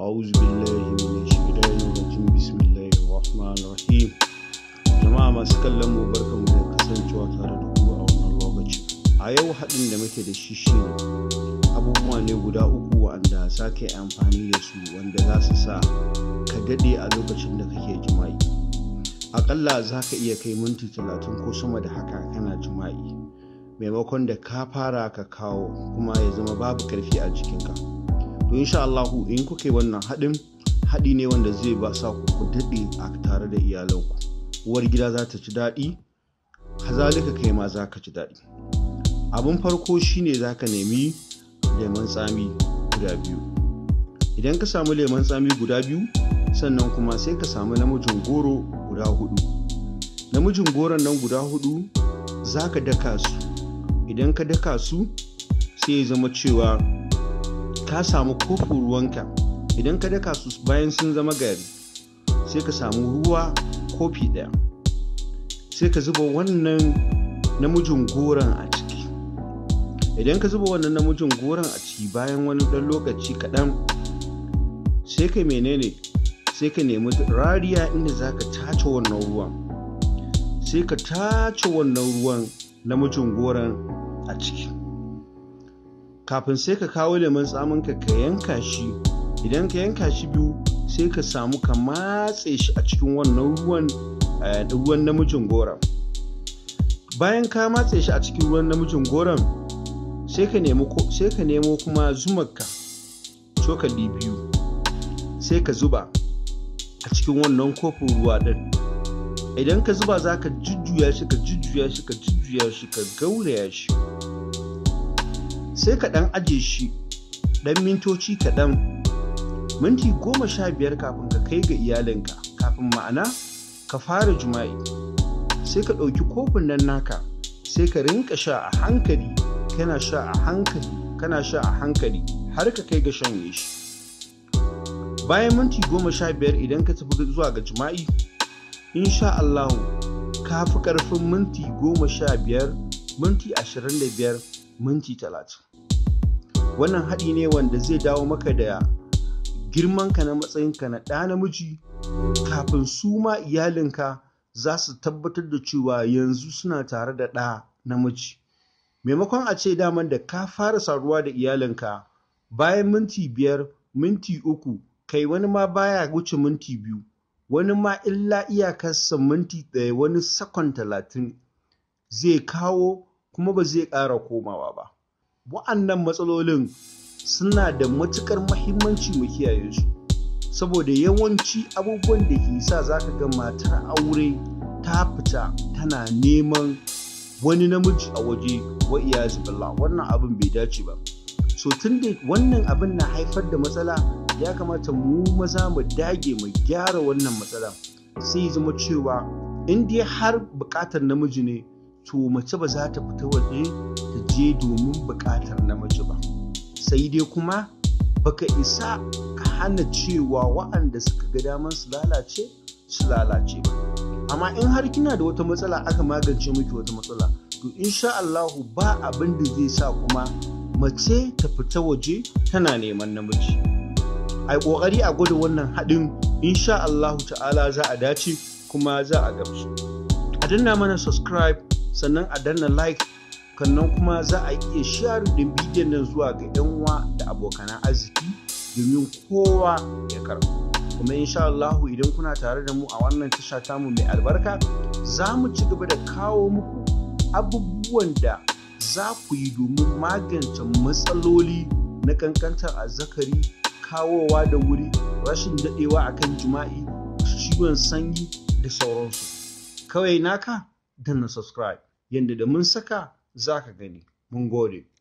أعوذ بالله من الشيطان الرجيم بسم الله الرحمن الرحيم jama'a masu kallon mu barkanmu da kasancewa tare da ku a wannan lokaci a yau haɗin da muke da shi shi abubuwa ne guda uku wanda za ka yi amfani da su wanda za su sa ka daɗe a lokacin da kake jima'i akalla za ka iya kai minti talatin ko sama da haka kana jima'i maimakon da ka fara ka kawo kuma ya zama babu ƙarfi a jikinka. insha Allahu in kuke wannan haɗin haɗi ne wanda zai ba sa ku ku daɗe a tare da iyalanku uwar gida za ta ci daɗi kazalika kai ma za ka ci daɗi abin farko shine za ka nemi lemon tsami guda biyu idan ka samu lemon tsami guda biyu sannan kuma sai ka samu namijin goro guda hudu namijin goron nan guda hudu za ka daka su idan ka daka su sai ya zama cewa ka samu kofin ruwanka idan ka daka su bayan sun zama gari sai ka samu ruwa kofi ɗaya sai ka zuba wannan namijin goron a ciki idan ka zuba wannan namijin goron a ciki bayan wani ɗan lokaci kaɗan sai ka menene sai ka nemi rariya inda za ka tace wannan ruwan sai ka tace wannan ruwan namijin goron a ciki kafin sai ka kawo lemon tsaminka ka yanka shi idan ka yanka shi biyu sai ka samu ka matse shi a cikin wannan ruwan eh, ruwan namijin goron bayan ka matse shi a cikin ruwan namijin goron sai ka nemo kuma zumarka cokali biyu sai ka zuba a cikin wannan kofin ruwa din. idan ka zuba za ka jujjuya shi ka jujjuya shi ka jujjuya shi ka gauraya shi sai ka ɗan aje shi ɗan mintoci kaɗan minti goma sha biyar kafin ka kai ga iyalinka kafin ma'ana ka fara jima'i sai ka ɗauki kofin nan naka sai ka rinka sha a hankali kana sha a hankali kana sha a hankali har ka kai ga shanye shi bayan minti goma sha biyar idan ka tafi zuwa ga jima'i insha Allahu ka fi ƙarfin minti goma sha biyar minti ashirin da biyar minti talatin wannan haɗi ne wanda zai dawo maka da girmanka na matsayinka na ɗa namiji kafin su ma iyalinka za su tabbatar da cewa yanzu suna tare da ɗa namiji maimakon a ce daman da ka fara saruwa da iyalinka bayan minti biyar minti uku kai wani ma baya wuce minti biyu wani ma illa iyakarsa minti ɗaya wani sakon talatin zai kawo kuma ba zai ƙara komawa ba wa'annan matsalolin suna da matuƙar mahimmanci mu kiyaye su saboda yawanci abubuwan da ke sa za ka ga matar aure ta fita tana neman wani namiji a waje wa iyazu wannan abin bai dace ba so tun da wannan abin na haifar da matsala ya kamata mu maza mu dage mu gyara wannan matsala sai zama cewa in dai har bukatar namiji ne to mace ba za ta fita waje ta je domin buƙatar namiji ba sai dai kuma baka isa ka hana cewa wa'anda suka ga damar su lalace su lalace ba amma in har kina da wata matsala aka magance miki wata matsala to insha Allahu ba abin da zai sa kuma mace ta fita waje tana neman namiji ai kokari a gwada wannan hadin, insha Allahu ta'ala za a dace kuma za a gamsu a danna mana subscribe sannan a danna like kannan kuma za a iya share din bidiyon nan zuwa ga 'yan uwa da abokan arziki domin kowa ya karɓa. kuma insha Allah idan kuna tare da mu a wannan tasha tamu mai albarka za mu ci gaba da kawo muku abubuwan da za ku yi domin magance matsaloli na kankantar azzakari kawowa da wuri rashin daɗewa akan jima'i ciwon sanyi da sauransu kawai naka danna subscribe yadda da mun saka za ka gani mun gode